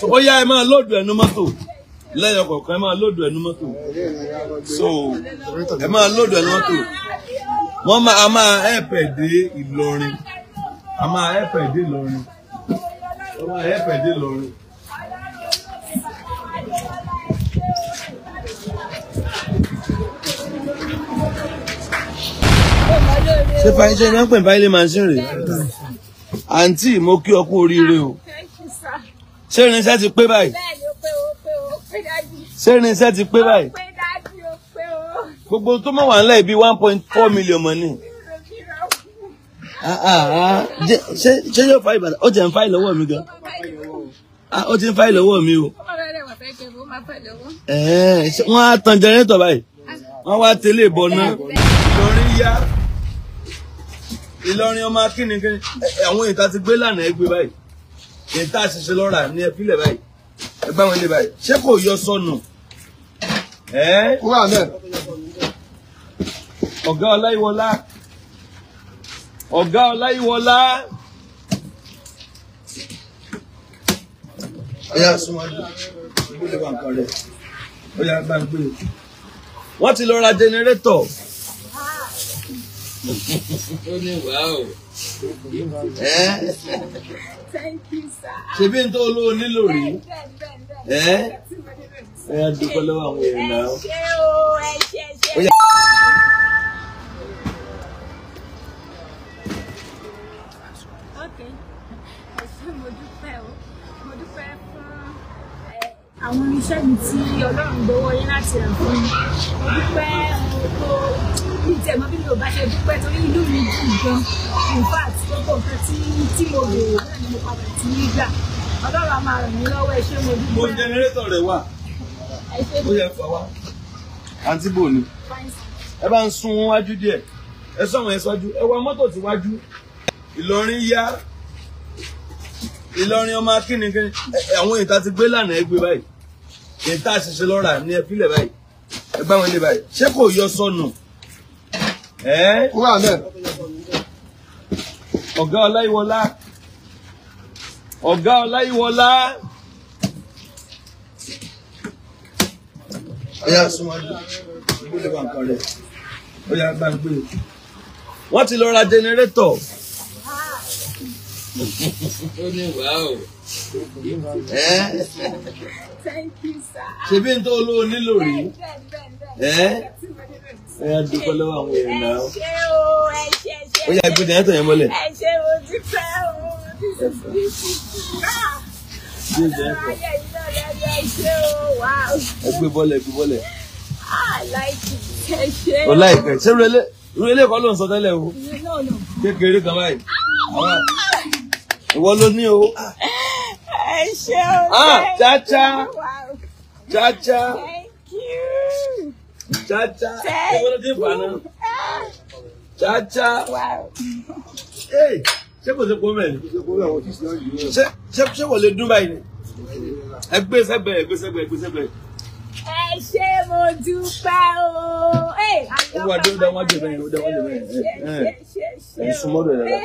so ó yá ẹ máa lóòdù ẹnu mọ́tò lẹ́yìn ọkọ̀ọ̀kan ẹ máa lóòdù ẹnu mọ́tò so ẹ máa lóòdù ẹnu mọ́tò wọ́n máa a máa ẹ̀pẹ̀ dé Ìlọrin a máa ẹ̀pẹ̀ dé Ìlọrin a máa ẹ̀pẹ̀ dé Ìlọrin. ṣé fàyíṣẹ́ náà pè báyìí lè máa ń ṣe rèé àǹtí mo kí ọ kú oríire o ṣé irinṣẹ́ ti pé báyìí ṣé irinṣẹ́ ti pé báyìí gbogbo tó mọ̀ wà nílẹ̀ bíi one point four million money ah, ah, ah. ṣé yóò fa ìbàdàn ó jẹ́ ń fa ìlọ́wọ́ mi gan ó ti ń fa ìlọ́wọ́ mi o eh, wọ́n á tan jẹrẹ́tọ̀ báyìí wọ́n wá tẹ́lẹ̀ bọ̀ náà Ìlọrin yá Ìlọrin ọmọ akínni kínní eh, àwọn ìta ti gbé lánàá ẹgbẹ́ báyìí ètò àṣìṣe lọ́ra ní ẹ̀fílẹ̀ báyìí ẹgbẹ́ wọn lè báyìí ṣé kò yọ sọnù. kúrò àná. ọ̀gá ọláyíwọlá ọ̀gá ọláyíwọlá. ọ̀yá súnmọ́dún ìgbélé wa nǹkan rẹ̀ ọ̀yá gbàgbé. wọ́n ti lọ ra jẹnẹrétọ̀. ó ní wàá o ṣe bí n tó olówó nílò rí ẹ ẹ dúpẹ́ lọ́wọ́ àwọn èèyàn náà. ẹ ṣe o ẹ ṣe àwọn irinṣẹ́ mi tí ọlọ́run gbowó yín láti rà fún mi dúpẹ́ tó bí tẹ̀ mọ́ bí mi ò bá ṣe dúpẹ́ torí inú mi dùn gan in fact gbogbo nǹkan tí tí mo béèrè náà ni mo padà ti ní gbà ọlọ́run a máa ràn mí lọ́wọ́ ẹ ṣé mo dúpẹ́. mo jẹnẹrétọ̀ rẹ wà ó yẹ fà wá àǹtí bò ni ẹ bá ń sún wájú díẹ̀ ẹ sọ̀rọ̀ ẹ sọ́jú ẹ wá mọ́tò tí wájú Ìlọrin yá Ìlọrin ọmọ akínni àwọn ìta ti gbé lánàá ẹ gbé báyìí se ìta ṣẹṣẹ lọ́ra ní ẹ̀fílẹ̀ báyìí ẹgbà wọn lè báyìí ṣé kò yọ sọnù. ọ̀gá ọláyíwọlá ọ̀gá ọláyíwọlá. ọ̀yá súnmọ́dé ìbú lè bá nǹkan rẹ̀ ọ̀yá gbàgbé. wọ́n ti lọ ra jẹnẹrétọ̀. ó ní wàá o ṣe bí n tó olówó nílò rí ẹ ẹ dúpẹ́ lọ́wọ́ àwọn èèyàn náà ó yà gbé dẹ́yẹ́tọ̀ yẹn mọ́lẹ̀. ẹ ṣe mo dúpẹ́ o ẹ gbé bọ́lẹ̀ gbé bọ́lẹ̀. Ah, o láìpẹ́ ṣé rúlé kọ́ ló ń sọ tẹ́lẹ̀ o kékeré kan báyìí ah, ìwọ ló ní o. Ah. Cha cha, cha ẹ cha cha, chacha chacha chacha chacha ṣé kò sí kó mẹ́rin ṣé kò lè dún báyìí ni ẹ gbé sẹ́gbẹ̀ ẹ gbé sẹ́gbẹ̀ ẹ gbé sẹ́gbẹ̀. ẹ ṣé mo dúpẹ́ o. ó wà dé ó dá wájú bẹ́ẹ̀ ó dá wájú bẹ́ẹ̀ ẹ ẹ sùn mọ́dọ̀ rẹ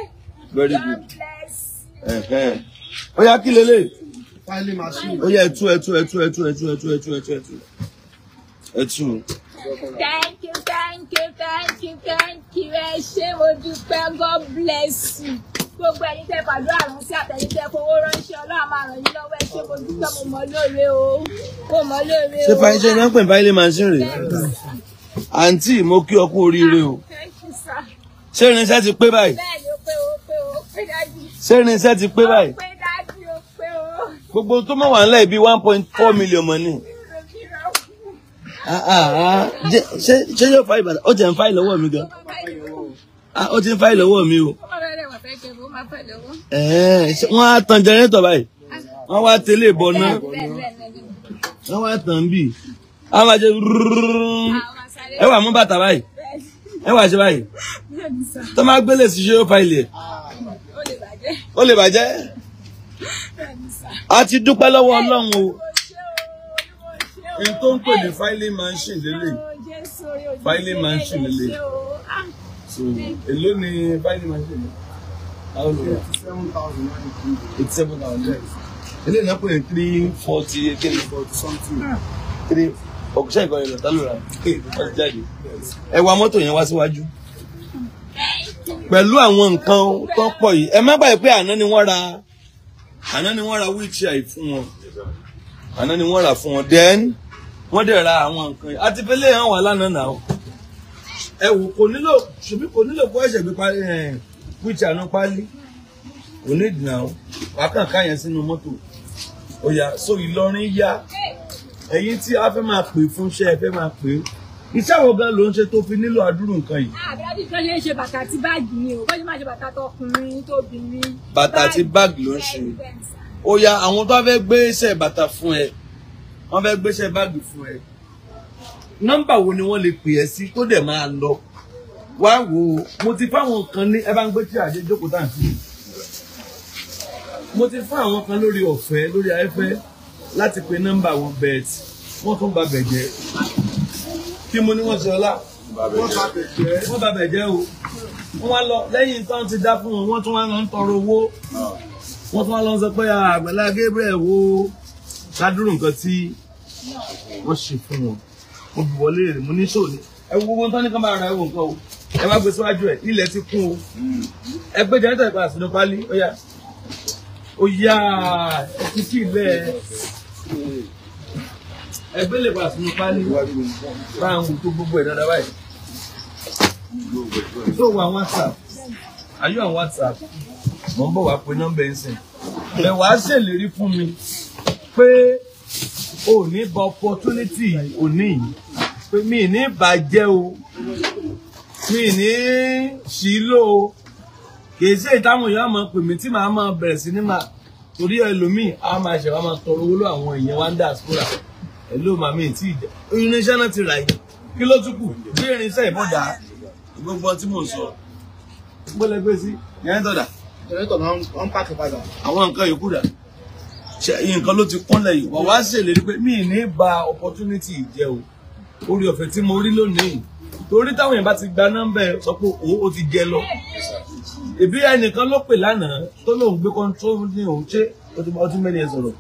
very good. God bless ó yá kí lélẹ̀ ó yá ẹ̀tú ẹ̀tú ẹ̀tú ẹ̀tú ẹ̀tú ẹ̀tú ẹ̀tú ẹ̀tú ẹ̀tú ẹ̀tú. thank you thank you thank you thank you ẹ ṣé mo dúpẹ́ god bless you gbogbo ẹni tẹ́ gbàdúrà rán sí àtẹ̀yìn tẹ́ fowó ránṣẹ́ Ọlọ́run máa ràn yín lọ́wọ́ ẹ ṣé mo dúpẹ́ mo mọ lóore o mo mọ lóore o. ṣé fàyíṣe náà pè báyìí máa ń ṣe rèé àǹtí mo kí ọ kú oríire o ṣé irinṣẹ́ ti pé báyìí ṣé irinṣẹ́ ti pé báyìí gbogbo tó mọ̀ wà ńlẹ̀ bíi one point four million mọ̀ ni ah, ah, ah. ṣé yóò fa ìbàdàn ó ti ń fa ìlọ́wọ́ mi gan ó ti ń fa ìlọ́wọ́ mi o eh, wọ́n á tan jẹrẹ́tọ̀ báyìí wọ́n wá tẹ̀lé ìbọn náà wọ́n wá tàn bíi wọ́n máa ṣe ẹ wà mú bàtà báyìí ẹ wà ṣe báyìí tó máa gbélé sí ṣé yóò fa ilé ó lè bàjẹ́ a ti dúpẹ́ lọ́wọ́ ọlọ́run o n tó ń pè ní filing machine lélẹ̀ filing machine lélẹ̀ ah, so èló ni filing machine how low eighty seven thousand eléyìí náà pè ní three forty something ah. three ọ̀kùnṣẹ́ ìkọ́ni lọ́tà lóra ọ̀tí jáde ẹ wa mọ́tò yẹn wá síwájú pẹ̀lú àwọn nǹkan tó pọ̀ yìí ẹ má gbàgbé pé àná ni wọ́n ra àná ni wọ́n ra wíìchì àì fún wọn àná ni wọ́n rà fún wọn then wọ́n dẹ̀ ra àwọn nǹkan yìí àti fẹ́lẹ́ hàn wá lánàá náà ẹ wò kò nílò ṣùgbọ́n kò nílò kó ẹ̀ṣẹ̀ gbé parí wíìchì àná pálí kò ní ìdìnnà o wàá kàn káyẹn sínú mọ́tò ó so Ìlọrin yá ẹ̀yin tí a fẹ́ máa pè fún iṣẹ́ ẹ fẹ́ máa pè é iṣẹ́ wo gan ló ń ṣe tó fi nílò àdúrò nǹkan yìí. àbúrádì kan ṣe ṣe bàtà àti báàgì ni o bọ́jú máa ṣe bàtà tọkùnrin tóbìnrin. bàtà àti báàgì ló ń ṣe ó ya àwọn tó fẹ́ gbé iṣẹ́ bàtà fún ẹ wọ́n fẹ́ gbé iṣẹ́ báàgì fún ẹ nọ́mbà wo ni wọ́n lè pè ẹ́ sí tó dẹ̀ máa lọ wá wò ó mo ti fáwọn kan ní ẹ bá ń gbé tí àdé jókòó tàǹtì mo ti fún àwọn kan lórí ọ̀fẹ́ lórí afẹ́ láti pe nọ́mbà wọn bẹ̀ẹ̀tì wọ́n tún ba bẹ̀jẹ́ kí mo ní wọ́n ṣe ọlá wọ́n bá bẹ̀ jẹ́ o wọ́n lọ lẹ́yìn tán ti dá fún wọn wọ́n tún wá lọ ń tọrọ owó wọ́n tún wá lọ sọ pé ah, Àgbàlá Gabriel wo ṣáàdúró nǹkan tí wọ́n ṣe fún wọn mo bù wọlé rè mo ní ṣò ní ẹ wo gbogbo tán ní kán bá ara ẹ wò nǹkan o ẹ wá gbé síwájú ẹ ilẹ̀ ti kún o hmm. ẹ gbé jẹ́rẹ́tà sínú pálí ó yá ó yá ẹ ti kí ilẹ̀ ẹ ẹgbẹ́ lè bá sunu pálí bá ń wù tó gbogbo ẹ̀ dáadáa báyìí. tó wà whatsapp ayé àwọn whatsapp mo ń bọ̀ wá pé nọ́mbà ẹ̀ ń sìn bẹ́ẹ̀ wàá ṣèlérí fún mi pé o ní bọ opportunity òní yìí pé mi ní bàjẹ́ o mi ní ṣìlò o kìí ṣe ìtàwọn èèyàn máa pè mí tí màá máa bẹ̀rẹ̀ sí ní máa torí ẹlòmíì á máa ṣẹ̀wá máa tọrọ owó lọ àwọn èèyàn wá ń dà síkúrà hello màmí tí ìjà irinṣẹ́ náà ti rà yìí kí ló tún kù bí irinṣẹ́ ìbọn dà gbogbo tí mò ń sọ. gbọ́dọ̀ gbé sí jẹ́nẹ́tọ̀ dà. jẹ́nẹ́tọ̀ náà wọ́n pààkì padà. àwọn nǹkan yòókù dà nǹkan ló ti kúnlẹ̀ yìí wàá ṣèlérí pé mi ní ba opportunity jẹ́ o orí ọ̀fẹ́ tí mo rí lónìí torí táwọn èèyàn bá ti gba nọ́mbà ẹ sọ pé òun ó ti jẹ lọ ìbí ẹnìkan ló pè lánàá tó lóun gbé kọ́ńtró ní òun ṣé ó ti mẹ́rin ẹ sọ̀rọ̀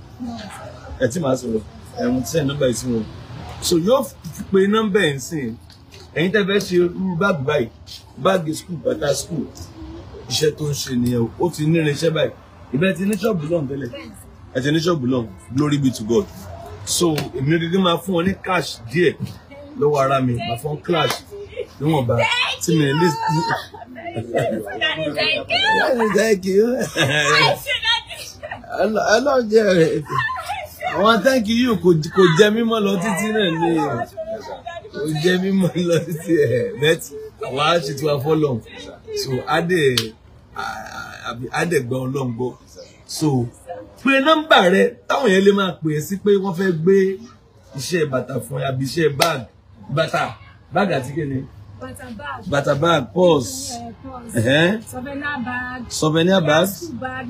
ẹ tí màá sọ̀rọ̀ ẹ̀wọ̀n tí sẹ́yìn nọ́mbà yìí sí wọn so yóò pe nọ́mbà yìí sìn ẹ̀yin tẹ́ fẹ́ ṣe rúru báàgì báyìí báàgì skul bàtà skul iṣẹ́ tó ń ṣe nìyẹn ó ti ní irinṣẹ́ báyìí ìbẹ́ ti ní ṣọ́ọ̀bù lọ́n tẹ́lẹ̀ ẹ ti ní ṣọ́ọ̀bù lọ́n glory be to God so èmi gẹ́gẹ́ máa fún wọn ní cash díẹ̀ lọ́wọ́ ara mi máa fún cash níwọ̀nba tí mi lè. Thank you. I love you àwọn táǹkì yìí kò jẹ mímọ́ lọ títí náà ni kò jẹ mímọ́ lọ títí ẹ̀ bẹ́ẹ̀ àwọn aṣètò afọ́lọ́n so adé adé gbọ́ ọlọ́n gbọ́ so pe nọ́mbà rẹ táwọn yẹn lè máa pè é sí pé wọ́n fẹ́ gbé iṣẹ́ bàtà fún ẹ àbí iṣẹ́ bag bàtà bag àti kíni bàtà bag purse souvenir bag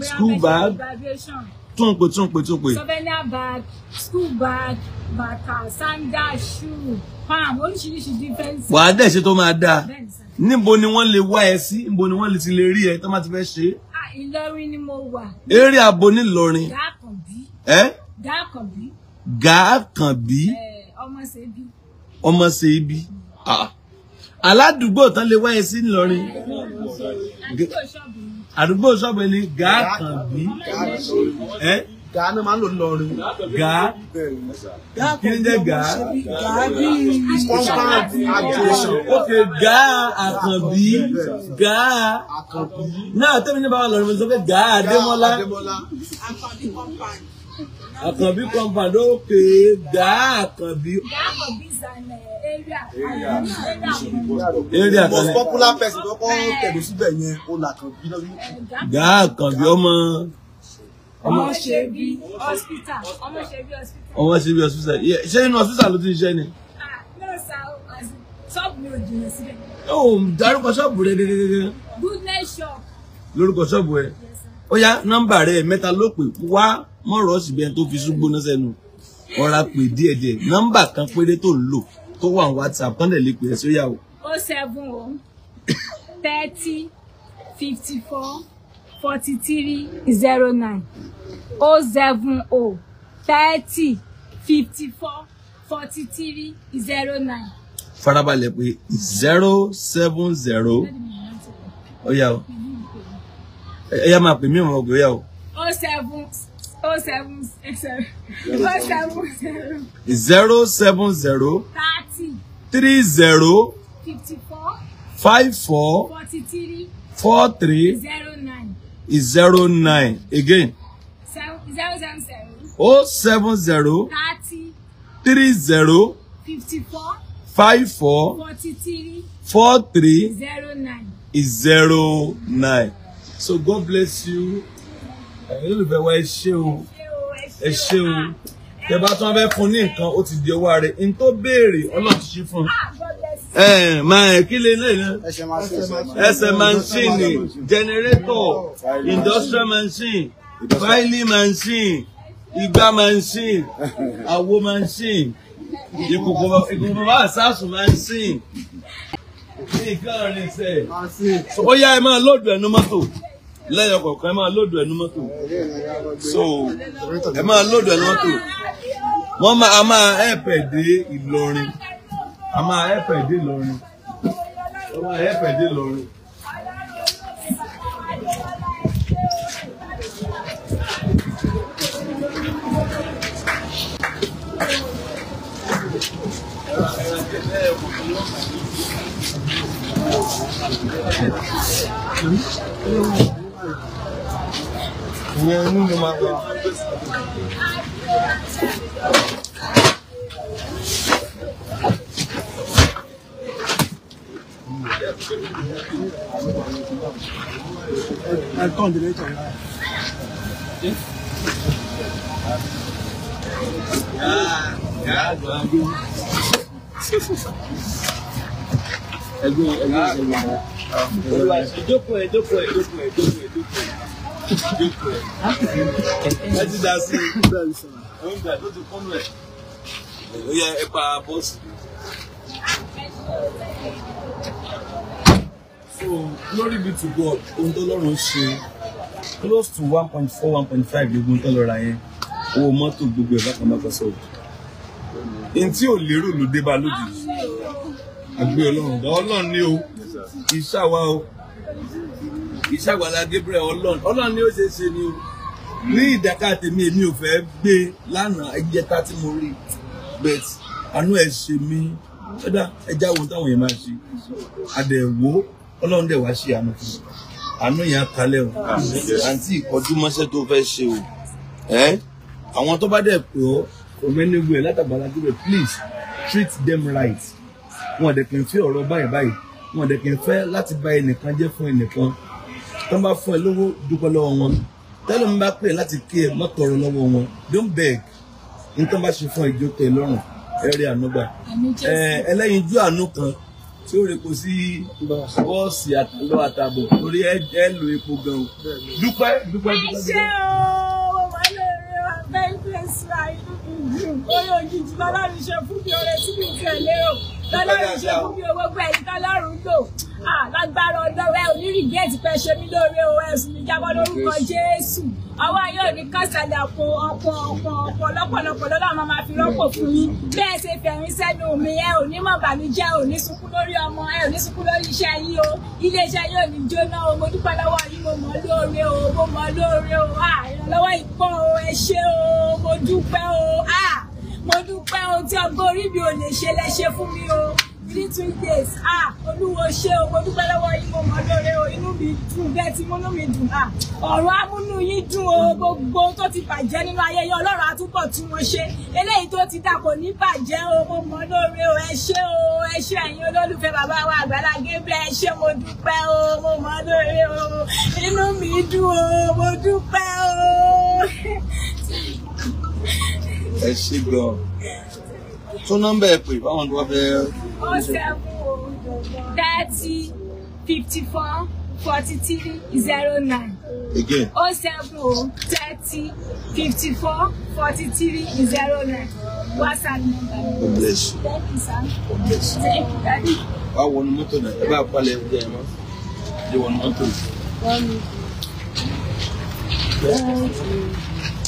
school bag Bag. Bag tún pè tún pè tún pè. souvenir bag school bag bàtà sandal shoe palm oríṣiríṣi difference. wàá dẹ̀ ṣe tó máa dáa níbo ni wọ́n lè wá ẹ sí níbo ni wọ́n lè ti lè rí ẹ tó máa ti fẹ́ ṣe. Ah, Ìlọrin ni mo wà. eré abo nílọrin. Gàkànbí. ẹ. Gàkànbí. Gàkànbí. Eh, ọmọ ṣèbí. ọmọ ṣèbí. ah aládùúgbò tán lè wáyé sí ńlọrin àdúgbò ṣọ́ọ̀bù ni gàá kàn bí ẹ́ gàá náà máa ń lò ńlọrin gàá kí ni jẹ́ gàá gàá bí compound adjacent ok gàá àkànbí gàá àkànbí náà tẹ́mi ní báwa lọ́rin mo sọ pé gàá adémọ́lá àkànbí compound ok gàá àkànbí. gàá àkànbí zanẹ area kan ní. popular person tó kọ́ tẹ̀lé síbẹ̀ yẹn o là kàn bí lọ́dún. gáà kàn bí ọmọ. ọmọ ṣe bí hospital. ọmọ ṣe bí hospital. ọmọ ṣe bí hospital. ṣé inú hospital ló ti ń ṣe ni. ṣọ́ọ̀bù mi ò jìnnà síbẹ̀. ó dárúkọ ṣọ́ọ̀bù rẹ dédédédé. goodness shop. lórúkọ ṣọ́ọ̀bù rẹ ó yá nọ́mbà rẹ̀ mẹ́ta ló pè wá mọ̀rọ̀ síbẹ̀ tó fi ṣúgbóná sẹ́nu ọ̀rá pè díẹ̀díẹ̀ nọ́mbà kan péré tó ń lò tó wà ní whatsapp kán lè lè pè é sóyà o. o seven o thirty fifty four forty three zero nine o seven o thirty fifty four forty three zero nine. farabalẹ̀ pé zero seven zero ó yá o ẹ̀yà máa pè mí ìmọ̀ ọ̀gbìn ó yá o. o seven oh seven eh, seven seven seven. zero seven zero. thirty. three zero. fifty four. five four. forty three. four three. zero nine. zero nine again. zero seven seven. oh seven zero. thirty. three zero. fifty four. five four. forty three. four three. zero nine. is zero nine. So God bless you ẹ̀yin olùfẹ́ wa ẹ ṣé o ẹ ṣé o tẹ bá tún fẹ́ fún ní nǹkan ó ti di owó ààrẹ n tó béèrè ọlọ́run ti ṣí fún un. ẹ máa ẹ kí lè lè náà ẹsẹ̀ manṣíìnì jẹnẹrétọ̀ industrial manṣíìnì filing manṣíìnì igbá manṣíìnì àwo manṣíìnì ìkòkò bàbá àṣàṣù manṣíìnì nǹkan rìn sẹ́ẹ̀ ó yá ẹ máa lọ́dọ̀ ẹnu mọ́tò lẹ́yìn ẹ máa lòdù ẹnu mọ́tò so ẹ máa lòdù ẹnu mọ́tò wọ́n máa a máa ẹ̀pẹ̀ dé Ìlọrin a máa ẹ̀pẹ̀ dé Ìlọrin a máa ẹ̀pẹ̀ dé Ìlọrin. Thank you ìyẹn inú ló máa wà. I can't delete it. Yeah, yeah, yeah. Agree, olùwà ìjókòó ẹ glory be to God ohun tó lọ́rùn ṣe close to one point four one point five gbogbo tó lọ́ra yẹn owó mọ́tò gbogbo ẹ̀ bákan bákan sọ̀rọ̀. ntí ò lérò ló dé bá lójijì àgbé ọlọ́run bá ọlọ́run ní o kì í ṣàwa o kì í ṣàgbàlá Gabriel ọlọ́run ọlọ́run ní ó ṣe é ṣe ni o ní ìdáká tèmi èmi ò fẹ́ gbé lánàá ẹjẹta tí mo rí bet àánú ẹ ṣe mí ṣẹdá ẹjá wo táwọn yẹn máa ṣe àdẹ̀wò ọlọ́run dẹ̀ wá ṣe àánú fún mi àánú yẹn kalẹ̀ o àǹtí ìkọjú mọ́ṣẹ́ tó fẹ́ ṣe o ẹ́ àwọn tó bá dẹ̀ pè ọ́ from anywhere látàgbàlá please treat them right wọn dẹ̀ kì í fẹ́ ọ̀rọ̀ báyìí báyìí wọn dẹ̀ kì í fẹ́ láti bà ẹnìkan jẹ́ fún ẹnìkan tó ń bá fún ẹ lówó dúpẹ́ lọ́wọ́ wọn tẹ́lẹ̀ ń bá pè láti kí ẹ má tọrọ lọ́wọ́ wọn don't beg ní tó ń bá ṣe fún ìjó tẹ lọ́rùn ẹ rí ànúgbà ẹlẹ́yinjú àánú kan tí ó repo sí bọ́ọ̀sì àtàlọ́ àtàbọ̀ torí ẹ lo epo gan-an dúpẹ́ dúpẹ́ dúpẹ́ dúpẹ́ bẹ́ẹ̀ ń pèsè àìdúkú oyè òjijì bàbá mi ṣe fún mi ọ̀rẹ́ tí mi fẹ́ lérò lọ́lọ́run ṣe fún mi owó pẹ́ ẹ̀yìn tọ́lọ́run lò lágbára ọlọ́run ẹ onírìn díẹ̀ ti pẹ́ ṣe mí lóore o ẹ̀sùn mi jábọ́ lórúkọ Jésù ọwọ́ yóò ní kọ́sàlẹ̀ ọ̀pọ̀ ọ̀pọ̀ ọ̀pọ̀ ọ̀pọ̀ lọ́pọ̀lọpọ̀ lọ́lọ́ máa máa fi rọ́pò fún mi bẹ́ẹ̀ ṣe fẹ̀yìn sẹ́nu mi ẹ ò ní mọ̀ bàmíjẹ́ ò ní sunkún lórí ọmọ ẹ ò ní sunkún lórí iṣẹ́ yìí o iléeṣẹ́ yóò ní jóná o mo dúpẹ́ lọ́wọ́ yìí mo mọ̀ lóore o mo mọ̀ lóore o ìrànlọ́wọ́ ìpọ́n o ẹ ṣé o mo dúpẹ́ o mo dúpẹ́ ohun tí ọgbọ́n orí mi ò lè ṣe lẹ́ṣe fún mi o three three days ah olúwo ṣé o mo dúpẹ́ lọ́wọ́ yín mo mọ̀ lóore o inú mi dùn bẹ́ẹ̀ tí múnú mi dùn ah ọ̀rọ̀ amúnú yín dùn o gbogbo tó ti bàjẹ́ nínú ayẹyẹ ọlọ́run àtúbọ̀ tí wọ́n ṣe eléyìí tó ti dà kò ní bàjẹ́ o mo mọ̀ lóore o ẹ ṣé o ẹ ṣé ẹ̀yin olólùfẹ́ bàbá wa Àgbàlá Gabriel ẹ ṣé mo dúpẹ́ o mo mọ̀ lóore o inú mi dùn o mo dúpẹ́ o ẹ ṣe gbọ́ tó nọ́mbà ẹ pè báwọn tó bá fẹ́. ó sẹ́kù thirty fifty four forty three zero nine. again. ó seven, o thirty fifty four forty three zero nine. WhatsApp number. God bless you. thank you sir. God bless you. thank you daddy. wàá wọnú mọ́tò náà ẹ bá a palẹ̀ ẹ jẹ́ mọ́ ẹ wọnú mọ́tò. wọ́n mi.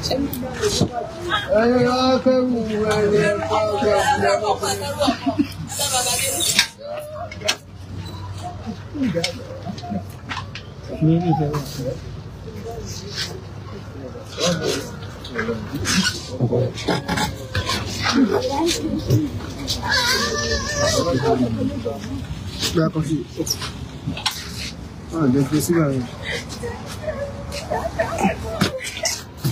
ẹ̀yin wá fẹ́ wù ẹ̀yin wá fẹ́ Gba kọfí. Máa jẹ́ pé sígbà yẹn.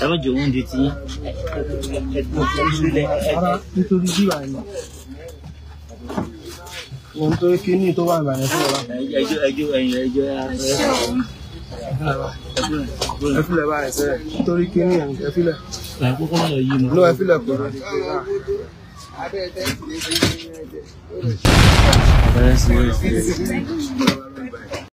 ẹ má jẹ oúnjẹ tí ẹ kú sílẹ̀ ẹ. nítorí bí wàá ní mo ń tó kí ní tó wà ìbàdàn fún ọlá. ẹjọ́ ẹjọ́ ẹ̀yìn ẹjọ́ ẹ filẹ̀ báyìí sẹ́yìn nítorí kí ní ẹ filẹ̀. ẹ kókó lọ yí mi. ló ẹ filẹ̀ kò lọ. Abẹ́rẹ́ sí wẹ́ẹ̀sì.